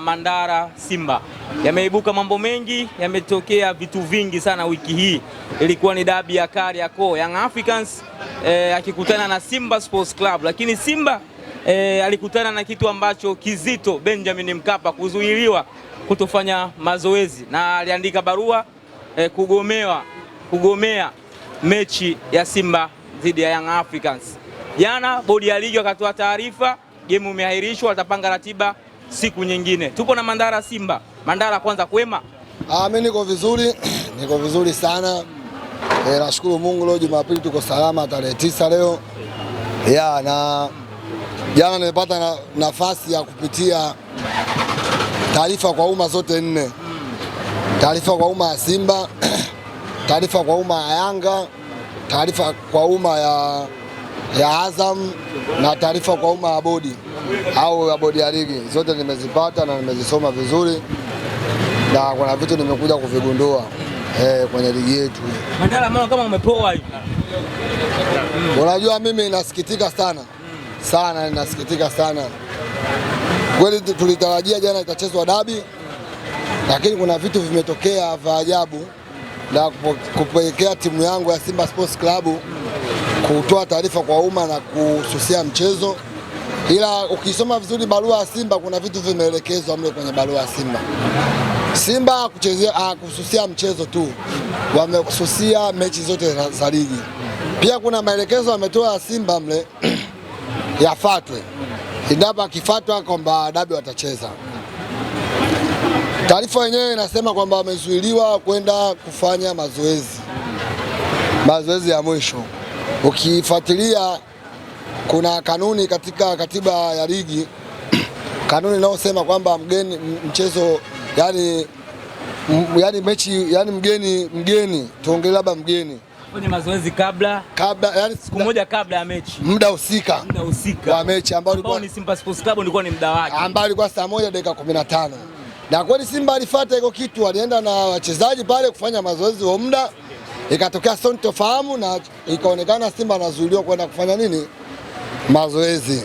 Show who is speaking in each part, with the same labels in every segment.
Speaker 1: Mandara Simba yameibuka mambo mengi, yametokea vitu vingi sana wiki hii. Ilikuwa ni dabi ya Kariakoo, Young Africans eh, akikutana na Simba Sports Club, lakini Simba eh, alikutana na kitu ambacho kizito, Benjamin Mkapa, kuzuiliwa kutofanya mazoezi na aliandika barua eh, kugomewa kugomea mechi ya Simba dhidi ya Young Africans. Jana bodi ya ligi wakatoa taarifa, gemu imeahirishwa, watapanga ratiba siku nyingine. Tupo na Mandara Simba. Mandara kwanza, kwema?
Speaker 2: Ah, mimi niko vizuri, niko vizuri sana. E, nashukuru Mungu leo Jumapili tuko salama tarehe tisa leo ya na jana nimepata na, nafasi ya kupitia taarifa kwa umma zote nne, taarifa kwa umma ya Simba, taarifa kwa umma ya Yanga, taarifa kwa umma ya ya Azam na taarifa kwa umma ya bodi au ya bodi ya ligi zote nimezipata na nimezisoma vizuri, na kuna vitu nimekuja kuvigundua eh, kwenye ligi yetu.
Speaker 1: Mandala, mama, kama umepoa hivi?
Speaker 2: Unajua, mimi nasikitika sana sana, nasikitika sana kweli. Tulitarajia jana itachezwa dabi, lakini kuna vitu vimetokea vya ajabu na kupelekea timu yangu ya Simba Sports Club kutoa taarifa kwa umma na kususia mchezo, ila ukisoma vizuri barua ya Simba kuna vitu vimeelekezwa mle kwenye barua ya Simba. Simba kuchezea ah, kususia mchezo tu, wamesusia mechi zote za ligi. Pia kuna maelekezo ametoa Simba mle yafatwe, endapo akifatwa kwamba dabi watacheza. Taarifa yenyewe inasema kwamba wamezuiliwa kwenda kufanya mazoezi, mazoezi ya mwisho. Ukifuatilia kuna kanuni katika katiba ya ligi, kanuni inayosema kwamba mgeni mchezo yani, yani mechi yani mgeni mgeni tuongelee labda mgeni
Speaker 1: kwenye mazoezi kabla
Speaker 2: kabla yani
Speaker 1: siku moja kabla ya mechi
Speaker 2: muda husika
Speaker 1: muda husika wa mechi ambao ulikuwa ni Simba Sports Club ulikuwa ni muda wake
Speaker 2: ambao ulikuwa saa moja dakika 15 na kweli Simba alifuata iko kitu, alienda na wachezaji pale kufanya mazoezi wa muda ikatokea sintofahamu na ikaonekana Simba anazuiliwa kwenda kufanya nini mazoezi.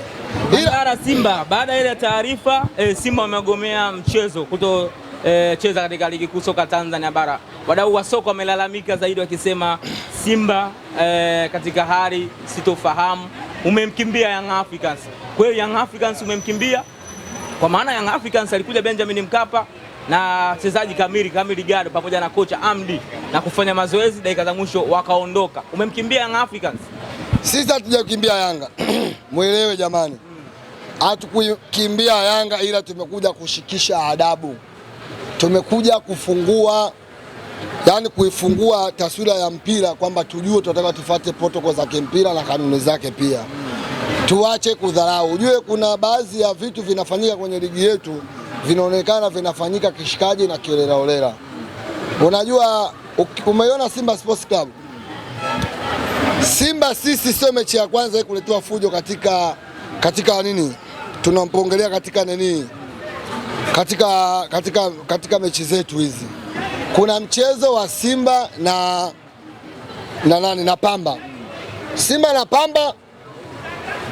Speaker 1: Ila Simba baada ya ile taarifa e, Simba wamegomea mchezo kuto e, cheza katika ligi kuu soka Tanzania bara. Wadau wa soka wamelalamika zaidi wakisema Simba e, katika hali sitofahamu umemkimbia Young Africans. Kwa hiyo Young Africans umemkimbia kwa maana Young Africans alikuja Benjamin Mkapa na wachezaji kamili kamili Gado pamoja na kocha Amdi na kufanya mazoezi, dakika za mwisho wakaondoka. Umemkimbia Young Africans?
Speaker 2: Sisi hatujakimbia Yanga mwelewe jamani, hatukukimbia Yanga ila tumekuja kushikisha adabu, tumekuja kufungua yani kuifungua taswira ya mpira kwamba tujue tunataka tufuate protokoli za kimpira na kanuni zake pia, tuache kudharau. Ujue kuna baadhi ya vitu vinafanyika kwenye ligi yetu vinaonekana vinafanyika kishikaji na kiolelaolela. Unajua, umeiona Simba Sports Club. Simba sisi sio mechi ya kwanza kuletewa fujo katika, katika nini tunampongelea katika nini katika, katika, katika mechi zetu hizi. Kuna mchezo wa Simba na, na nani na Pamba, Simba na Pamba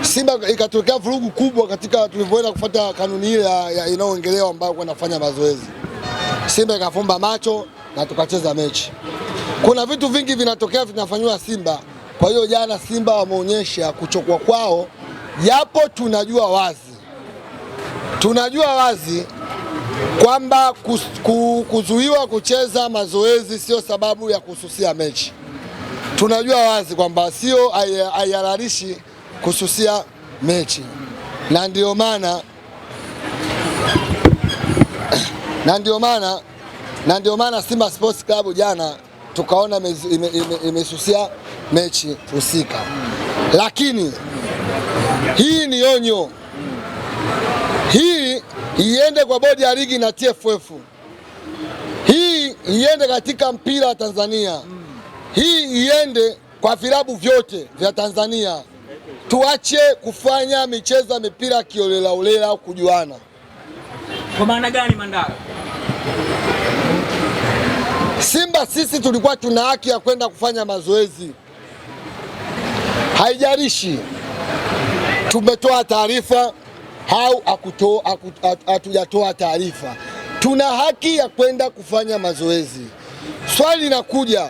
Speaker 2: Simba ikatokea vurugu kubwa katika tulivyoenda kufuata kanuni ile inayoongelewa ambayo kwa nafanya mazoezi. Simba ikafumba macho na tukacheza mechi. Kuna vitu vingi vinatokea vinafanywa Simba. Kwa hiyo jana Simba wameonyesha kuchokwa kwao, japo tunajua wazi tunajua wazi kwamba kuzuiwa kucheza mazoezi sio sababu ya kususia mechi. Tunajua wazi kwamba sio ay, kususia mechi, na ndio maana na ndio maana na ndio maana Simba Sports Club jana tukaona imesusia ime, ime mechi husika, lakini hii ni onyo, hii iende kwa bodi ya ligi na TFF, hii iende katika mpira wa Tanzania, hii iende kwa vilabu vyote vya Tanzania tuache kufanya michezo ya mipira kiolela au kujuana.
Speaker 1: Kwa maana gani, Mandala?
Speaker 2: Simba sisi tulikuwa tuna haki ya kwenda kufanya mazoezi, haijarishi tumetoa taarifa au hatujatoa taarifa, tuna haki ya kwenda kufanya mazoezi. Swali linakuja,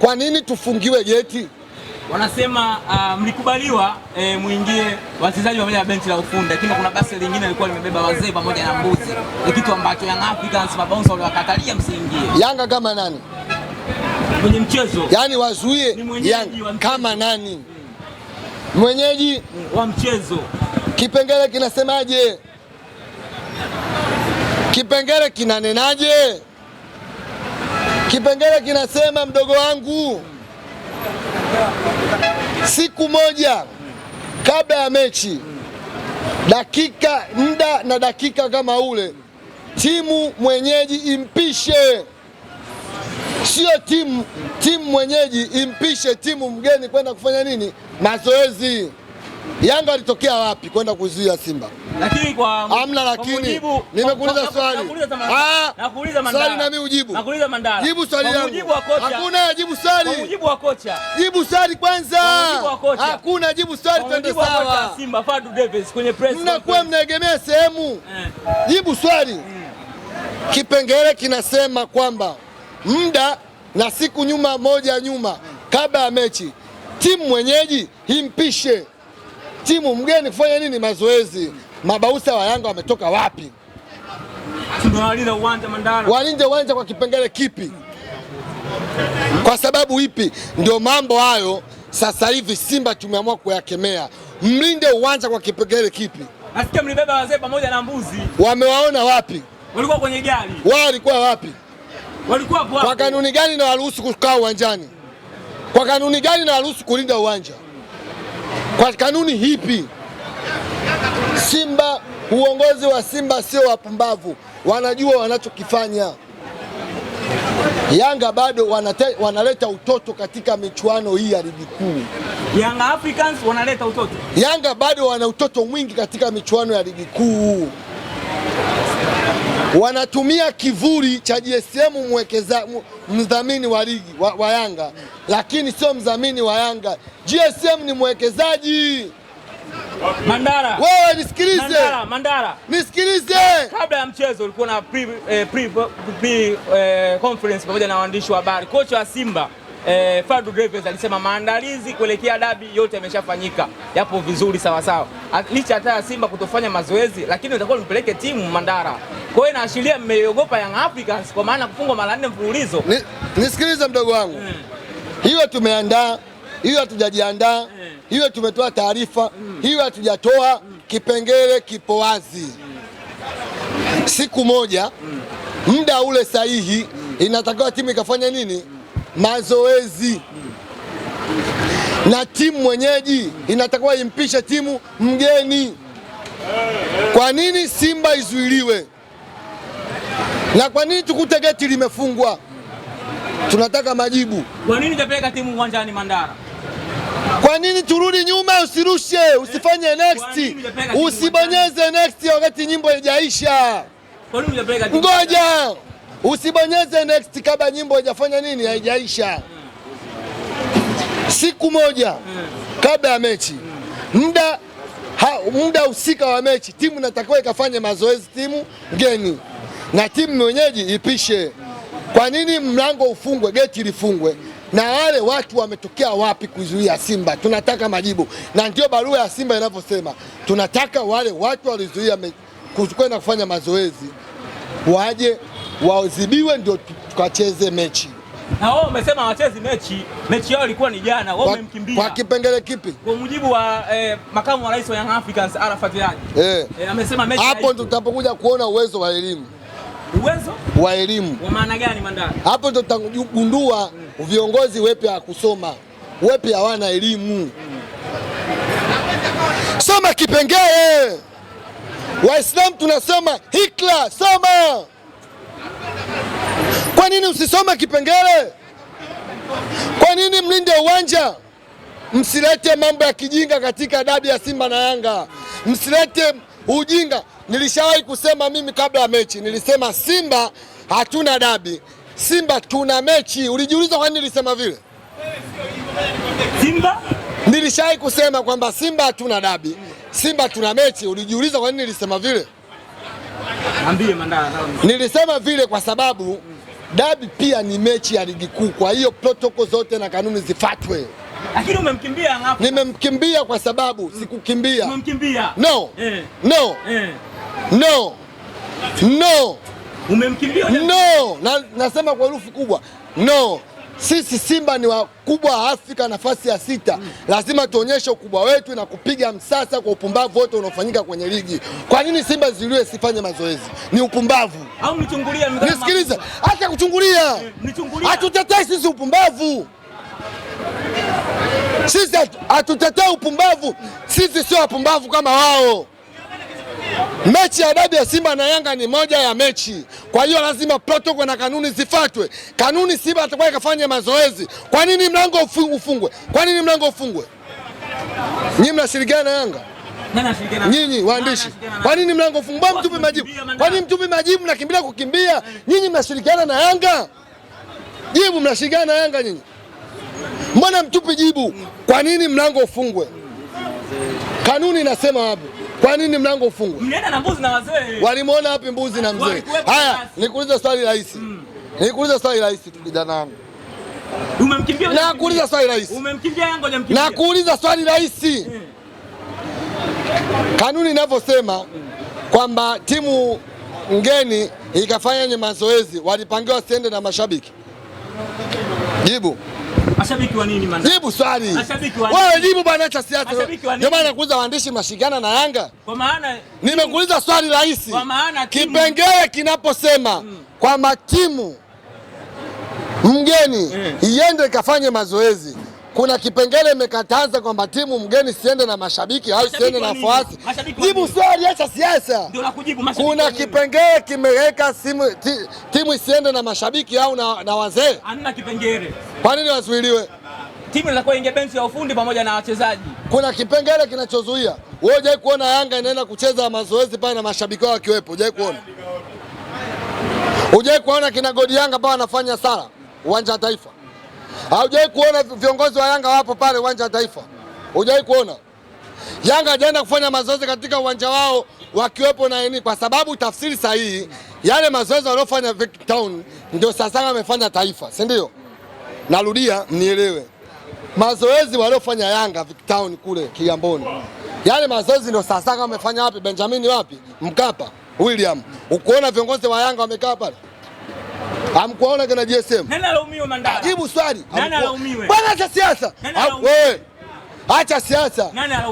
Speaker 2: kwa nini tufungiwe geti?
Speaker 1: wanasema uh, mlikubaliwa eh, muingie wachezaji pamoja na benchi la ufundi, lakini kuna basi lingine lilikuwa limebeba wazee pamoja na mbuzi. Ni kitu ambacho Young Africans mabonsa waliwakatalia msiingie.
Speaker 2: Yanga kama nani
Speaker 1: kwenye mchezo?
Speaker 2: yani wazuie Yanga kama nani mwenyeji
Speaker 1: wa mchezo.
Speaker 2: Kipengele kinasemaje? Kipengele kinanenaje? Kipengele kinasema mdogo wangu siku moja kabla ya mechi, dakika muda na dakika kama ule, timu mwenyeji impishe, sio timu timu mwenyeji impishe timu mgeni kwenda kufanya nini mazoezi. Yanga alitokea wapi kwenda kuzuia Simba? Lakini kwa amna, lakini nimekuuliza swali,
Speaker 1: ah, swali nami ujibu.
Speaker 2: Nakuuliza Mandala, jibu swali kocha. Hakuna jibu swali,
Speaker 1: kwa wa kocha.
Speaker 2: Jibu swali kwanza, hakuna jibu swali, twende sawa.
Speaker 1: Simba Fadu Davis kwenye press,
Speaker 2: mnakuwa mnaegemea sehemu. Eh. Jibu swali, kipengele kinasema kwamba muda na siku nyuma moja nyuma kabla ya mechi timu mwenyeji himpishe timu mgeni kufanya nini mazoezi. Mabausa wa Yanga wametoka wapi? Walinde uwanja kwa kipengele kipi? Kwa sababu ipi? Ndio mambo hayo sasa hivi Simba tumeamua kuyakemea. Mlinde uwanja kwa kipengele kipi?
Speaker 1: Nasikia mlibeba wazee pamoja na mbuzi.
Speaker 2: Wamewaona wapi?
Speaker 1: Walikuwa kwenye gari.
Speaker 2: Wao walikuwa wapi?
Speaker 1: Walikuwa kwa
Speaker 2: kanuni gani na waruhusu kukaa uwanjani? Kwa kanuni gani na waruhusu kulinda uwanja? Kwa kanuni hipi Simba, uongozi wa Simba sio wapumbavu, wanajua wanachokifanya. Yanga bado wanate, wanaleta utoto katika michuano hii ya ligi kuu.
Speaker 1: Yanga Africans wanaleta utoto.
Speaker 2: Yanga bado wana utoto mwingi katika michuano ya ligi kuu wanatumia kivuli cha GSM mwekeza mdhamini wa ligi wa, wa Yanga, lakini sio mdhamini wa Yanga. GSM ni mwekezaji. Mandara. wewe nisikilize. Mandara, Mandara. nisikilize.
Speaker 1: Kabla ya mchezo ulikuwa na pre, eh, pre, pre, pre eh, conference pamoja na waandishi wa habari. Kocha wa Simba eh, Fadu Davids alisema maandalizi kuelekea dabi yote yameshafanyika, yapo vizuri sawa sawa, licha hata ya Simba kutofanya mazoezi, lakini itakuwa mpeleke timu Mandara. Kwa hiyo inaashiria mmeogopa Young Africans kwa maana kufungwa mara nne mfululizo.
Speaker 2: Nisikilize mdogo wangu, hmm. hiyo tumeandaa hiyo hatujajiandaa, hmm. hiyo tumetoa taarifa, hiyo hatujatoa. Hmm. Kipengele kipo wazi, siku moja, muda ule sahihi, inatakiwa timu ikafanya nini? mazoezi na timu mwenyeji inatakiwa impishe timu mgeni. Kwa nini Simba izuiliwe na kwa nini tukute geti limefungwa? Tunataka majibu.
Speaker 1: Kwa nini utapeleka timu uwanjani Mandara?
Speaker 2: Kwa nini turudi nyuma? Usirushe, usifanye next, usibonyeze next wakati nyimbo haijaisha. Ngoja. Usibonyeze next kabla nyimbo haijafanya nini, haijaisha. Siku moja kabla ya mechi, muda muda husika wa mechi, timu inatakiwa ikafanye mazoezi, timu geni na timu mwenyeji ipishe. Kwa nini mlango ufungwe, geti lifungwe? na wale watu wametokea wapi kuzuia Simba? Tunataka majibu, na ndio barua ya Simba inavyosema. Tunataka wale watu walizuia kwenda kufanya mazoezi waje wazibiwe ndio tukacheze mechi.
Speaker 1: Na wao wamesema wachezi mechi, mechi yao ilikuwa ni jana, wao wamemkimbia.
Speaker 2: Kwa kipengele kipi?
Speaker 1: Kwa mujibu wa eh, makamu wa rais wa Young Africans Arafat Yaji. Eh. Eh, amesema mechi
Speaker 2: hapo ndio tutapokuja kuona uwezo wa elimu. Uwezo wa elimu.
Speaker 1: Kwa maana gani Mandala?
Speaker 2: Hapo ndio tutagundua hmm. Viongozi wepi hakusoma, wepi hawana elimu. Hmm. Soma kipengele. Waislamu tunasema hikla, soma. Kwa nini usisome kipengele? Kwa nini mlinde uwanja? Msilete mambo ya kijinga katika dabi ya Simba na Yanga, msilete ujinga. Nilishawahi kusema mimi kabla ya mechi, nilisema Simba hatuna dabi, Simba tuna mechi. Ulijiuliza kwa nini nilisema vile? Simba nilishawahi kusema kwamba Simba hatuna dabi, Simba tuna mechi. Ulijiuliza kwa nini nilisema vile? Nilisema vile kwa sababu dabi pia ni mechi ya ligi kuu, kwa hiyo protokoli zote na kanuni zifuatwe.
Speaker 1: Lakini umemkimbia ngapi?
Speaker 2: Nimemkimbia kwa sababu mm. sikukimbia.
Speaker 1: Umemkimbia.
Speaker 2: No. Eh. No. Eh. No. No.
Speaker 1: Umemkimbia.
Speaker 2: No. Na, nasema kwa herufi kubwa. No. Sisi Simba ni wakubwa Afrika, nafasi ya sita. Lazima tuonyeshe ukubwa wetu na kupiga msasa kwa upumbavu wote unaofanyika kwenye ligi. Kwa nini Simba ziliwe sifanye mazoezi? Ni upumbavu au Nisikilize, acha kuchungulia, eh, hatutetei sisi upumbavu sisi hatutetei upumbavu, sisi sio wapumbavu kama wao. Mechi ya dabi ya Simba na Yanga ni moja ya mechi, kwa hiyo lazima protokoli na kanuni zifuatwe. Kanuni Simba atakuwa ikafanya mazoezi. Kwa nini mlango ufungwe? Kwa nini mlango ufungwe? Nyinyi mnashirikiana Yanga, nyinyi waandishi, kwa nini mlango ufungwe? Mtupe majibu, kwa nini mtupe majibu? Mnakimbilia kukimbia. Nyinyi mnashirikiana na Yanga, jibu. Mnashirikiana na Yanga nyinyi, mbona mtupi jibu? Kwa nini mlango ufungwe? Kanuni inasema hapo. Kwa nini mlango ufungwe?
Speaker 1: Mlienda na mbuzi na wazee.
Speaker 2: Walimuona wapi mbuzi na mzee? Haya, nikuuliza swali rahisi. Mm. Nikuuliza swali rahisi tu kijana wangu. Umemkimbia? Nakuuliza swali rahisi.
Speaker 1: Umemkimbia yango
Speaker 2: hajamkimbia. Nakuuliza swali rahisi. Mm. Kanuni inavyosema kwamba timu ngeni ikafanya mazoezi, walipangiwa siende na mashabiki. Jibu.
Speaker 1: Mashabiki wa nini maana?
Speaker 2: Jibu swali. Mashabiki wa nini? Wewe jibu bwana cha siasa. Ndio maana nakuuliza waandishi mashigana na Yanga. Kwa maana nimekuuliza swali rahisi. Kwa maana kipengele kinaposema mm. kwamba mgeni eh. iende ikafanye mazoezi kuna kipengele imekataza kwamba timu mgeni siende na mashabiki au siende na wafuasi. Jibu swali, acha siasa. Kuna kipengele kimeweka timu isiende na mashabiki au na, na wazee.
Speaker 1: Hamna kipengele.
Speaker 2: Kwa nini wazuiliwe?
Speaker 1: Timu inataka inge benchi ya ufundi pamoja na wachezaji.
Speaker 2: Kuna kipengele kinachozuia. Wewe hujai kuona Yanga inaenda kucheza mazoezi pale na mashabiki wao wakiwepo? Hujai kuona? Hujai kuona kina Godi Yanga pale anafanya sala uwanja wa Taifa? Haujawahi kuona viongozi wa Yanga wapo pale uwanja wa Taifa? Hujawahi kuona Yanga hajaenda kufanya mazoezi katika uwanja wao wakiwepo na nini? Kwa sababu tafsiri sahihi yale mazoezi waliofanya Vic Town ndio sasa amefanya Taifa, si ndio? Narudia mnielewe, mazoezi waliofanya Yanga Vic Town kule Kigamboni, yale mazoezi ndio sasa amefanya wapi? Benjamin wapi? Mkapa, William. Ukuona viongozi wa Yanga wamekaa pale? Amkuona kana GSM.
Speaker 1: Nani alaumiwe Mandala?
Speaker 2: Jibu swali.
Speaker 1: Nani alaumiwe?
Speaker 2: Bwana acha siasa. Wewe. Acha siasa.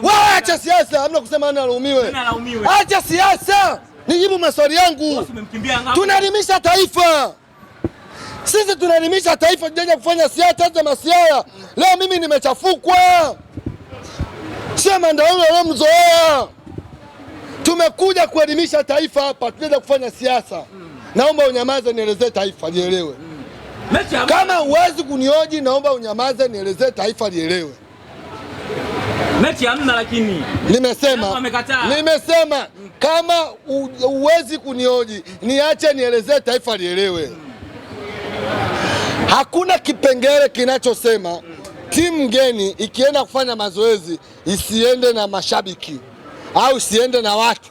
Speaker 2: Wewe acha siasa. Hamna kusema nani alaumiwe. Nani alaumiwe? Acha siasa. Nijibu maswali yangu. Tunaelimisha taifa. Sisi tunaelimisha taifa tujaje kufanya siasa za masiara. Leo mimi nimechafukwa. Sio ndio wewe mzoea. Tumekuja kuelimisha taifa hapa, tunaenda kufanya siasa naomba unyamaze, nielezee taifa lielewe. Mm. Kama huwezi kunioji, naomba unyamaze, nielezee taifa lielewe.
Speaker 1: Mechi hamna, lakini
Speaker 2: nimesema nimesema kama huwezi kunioji, niache nielezee taifa lielewe. Hakuna kipengele kinachosema timu mgeni ikienda kufanya mazoezi isiende na mashabiki au isiende na watu,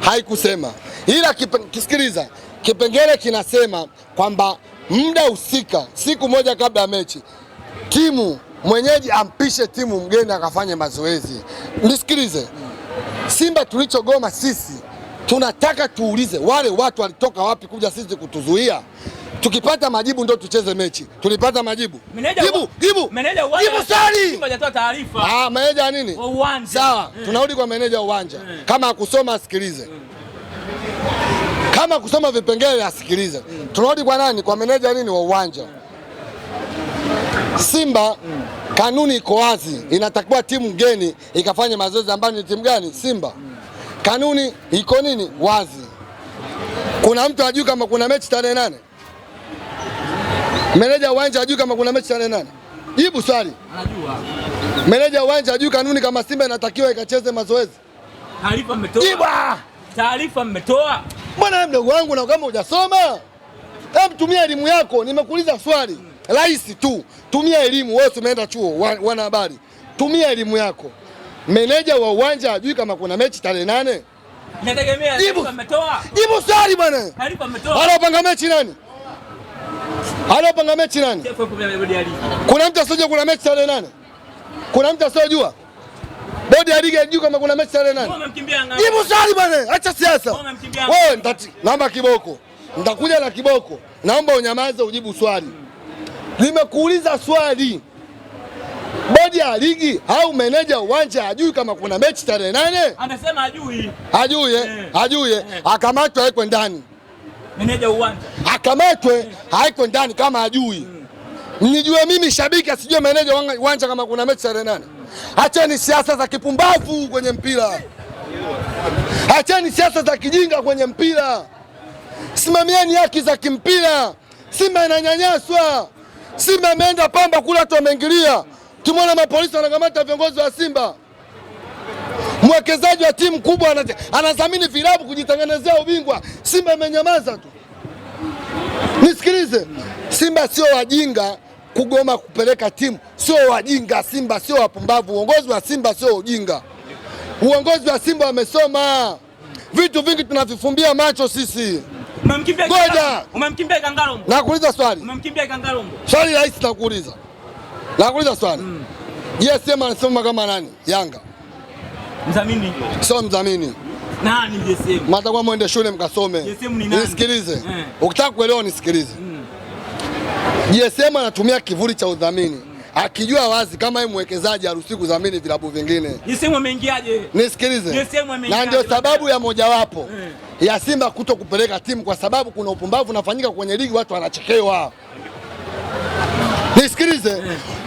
Speaker 2: haikusema ila kisikiliza, kipengele kinasema kwamba muda husika, siku moja kabla ya mechi, timu mwenyeji ampishe timu mgeni akafanye mazoezi. Nisikilize, Simba tulichogoma sisi, tunataka tuulize wale watu walitoka wapi kuja sisi kutuzuia. Tukipata majibu ndio tucheze mechi. Tulipata majibu. Meneja jibu, jibu. Meneja uwanja. Jibu swali.
Speaker 1: Hajatoa taarifa.
Speaker 2: Ah, meneja nini? Sawa, mm. tunarudi kwa meneja uwanja. Mm. Kama akusoma asikilize. Mm kama kusoma vipengele asikilize. Mm. kwa nani? Kwa meneja nini wa uwanja Simba. Mm. Kanuni iko wazi, inatakiwa timu mgeni ikafanye mazoezi ambayo ni timu gani? Simba. Mm. Kanuni iko nini wazi. Kuna mtu ajui kama kuna mechi tarehe nane? Meneja uwanja ajui kama kuna mechi tarehe nane? Jibu swali. Anajua. Meneja uwanja ajui kanuni kama Simba inatakiwa ikacheze mazoezi?
Speaker 1: Taarifa umetoa. Jibu taarifa mmetoa?
Speaker 2: Mbona wewe mdogo wangu, na kama hujasoma Hebu tumia elimu yako. Nimekuuliza swali rahisi tu, tumia elimu. Wewe umeenda chuo, wana habari, tumia elimu yako. Meneja wa uwanja ajui kama kuna mechi tarehe nane? Nategemea jibu swali bwana. Anapanga mechi nani? Anapanga mechi nani? Kuna mtu asiojua kuna mechi tarehe nane? Kuna mtu asiojua Bodi ya ligi hajui kama kuna mechi tarehe nani? Jibu swali bwana, acha siasa. Wewe naomba kiboko, nitakuja na kiboko, naomba unyamaze, ujibu swali. Nimekuuliza swali, bodi ya ligi au meneja uwanja hajui kama kuna mechi tarehe nane?
Speaker 1: Amesema hajui,
Speaker 2: hajui, eh? Eh. hajui. Eh? Akamatwe awekwe ndani, meneja uwanja akamatwe awekwe ndani kama hajui. Hmm. Nijue mimi shabiki asijue meneja uwanja kama kuna mechi tarehe nane? Acheni siasa za kipumbavu kwenye mpira, acheni siasa za kijinga kwenye mpira. Simamieni haki za kimpira. Simba inanyanyaswa. Simba imeenda Pamba kule, watu wameingilia. Tumeona mapolisi wanakamata viongozi wa Simba. Mwekezaji wa timu kubwa anadhamini vilabu kujitengenezea ubingwa, Simba imenyamaza tu. Nisikilize, Simba sio wajinga kugoma kupeleka timu sio wajinga. Simba sio wapumbavu, uongozi wa Simba sio ujinga. Uongozi wa Simba wamesoma vitu vingi, tunavifumbia macho sisi. Ngoja nakuuliza swali, swali rahisi, nakuuliza nakuuliza swali. JSM mm. anasema kama nani? Yanga mdhamini sio mdhamini nani? matakuwa mwende shule mkasome, nisikilize. Eh. Ukitaka kuelewa nisikilize. Mm. GSM anatumia kivuli cha udhamini akijua wazi kama yeye mwekezaji haruhusiwi kudhamini vilabu vingine.
Speaker 1: GSM ameingiaje?
Speaker 2: Nisikilize, na ndio sababu ya mojawapo hmm. ya Simba kuto kupeleka timu kwa sababu kuna upumbavu unafanyika kwenye ligi, watu wanachekewa. Nisikilize, eh.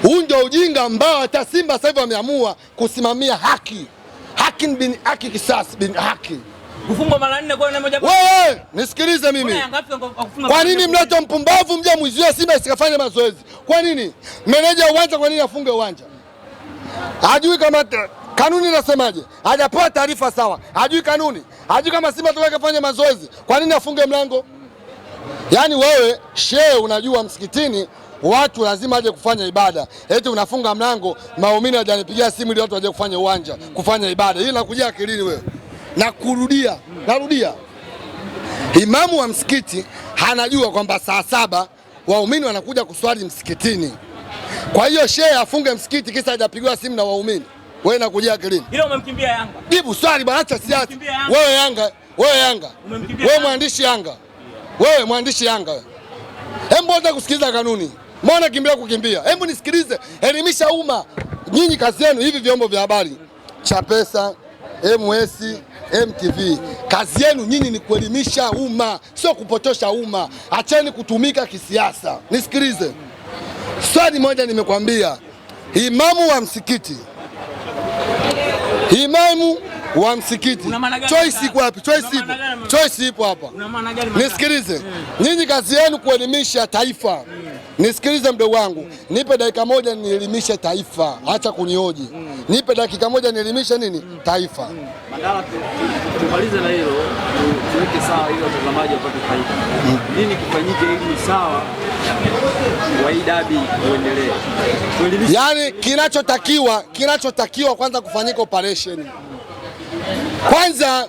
Speaker 2: huu ndio ujinga ambao hata Simba sasa hivi wameamua kusimamia haki haki bin haki kisasi bin haki
Speaker 1: Kufungwa mara nne kwa moja.
Speaker 2: Wewe nisikilize mimi. Kwa nini mlete mpumbavu mje mwizie Simba isikafanye mazoezi? Kwa nini? Meneja uwanja kwa nini afunge uwanja? Hajui kama kanuni nasemaje? Hajapewa taarifa sawa. Hajui kanuni. Hajui kama Simba tunataka kufanya mazoezi. Kwa nini afunge mlango? Yaani wewe shehe, unajua msikitini watu lazima aje kufanya ibada, eti unafunga mlango, maumini hajanipigia simu ili watu waje kufanya uwanja kufanya ibada. Hii inakuja akilini wewe? na kurudia, narudia, imamu wa msikiti anajua kwamba saa saba waumini wanakuja kuswali msikitini. Kwa hiyo shehe afunge msikiti kisa hajapigiwa simu na waumini. Wewe nakujia akilini
Speaker 1: hilo, umemkimbia Yanga.
Speaker 2: Jibu swali bwana, acha siasa wewe. Yanga wewe, Yanga wewe, mwandishi Yanga wewe, mwandishi Yanga hebu mbona kusikiliza kanuni? Mbona kimbia kukimbia? Hebu nisikilize, elimisha umma. Nyinyi kazi yenu hivi vyombo vya habari, Chapesa, MS MTV, kazi yenu nyinyi ni kuelimisha umma, sio kupotosha umma. Acheni kutumika kisiasa. Nisikilize swali moja, nimekwambia imamu wa msikiti, imamu wa msikiti, choice iko wapi? Choice ipo hapa. Nisikilize, mm. nyinyi kazi yenu kuelimisha taifa. Mm. Nisikilize mdogo wangu mm. Nipe dakika moja nielimishe taifa, acha kunioji mm. Nipe dakika moja nielimishe nini mm. taifa mm.
Speaker 1: Mandala, tumalize na hilo, tuweke sawa hilo, watazamaji wapate faida mm. Nini kifanyike ili sawa waidabi uendelee?
Speaker 2: Yaani kinachotakiwa kinachotakiwa kwanza kufanyika operation kwanza,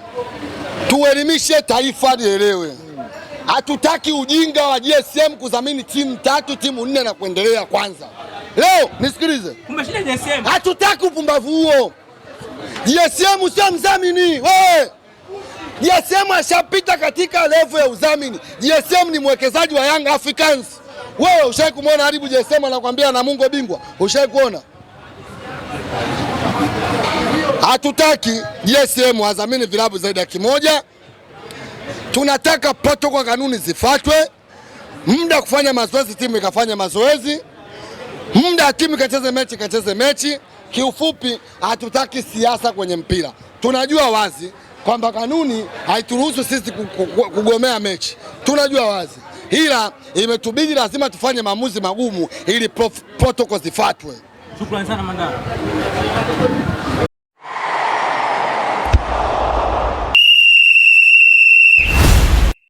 Speaker 2: tuelimishe taifa lielewe Hatutaki ujinga wa GSM kudhamini timu tatu timu nne na kuendelea. Kwanza leo nisikilize, hatutaki upumbavu huo. GSM sio mdhamini wewe. GSM ashapita katika level ya udhamini. GSM ni mwekezaji wa Young Africans. Wewe ushawahi kumwona haribu GSM na Namungo bingwa? Ushawahi kuona? Hatutaki GSM adhamini vilabu zaidi ya kimoja. Tunataka protokol kanuni zifuatwe, muda kufanya mazoezi timu ikafanya mazoezi, muda timu ikacheze mechi ikacheze mechi. Kiufupi, hatutaki siasa kwenye mpira. Tunajua wazi kwamba kanuni haituruhusu sisi kugomea mechi, tunajua wazi ila imetubidi lazima tufanye maamuzi magumu ili protokoli zifuatwe.
Speaker 1: Shukrani sana Mandala.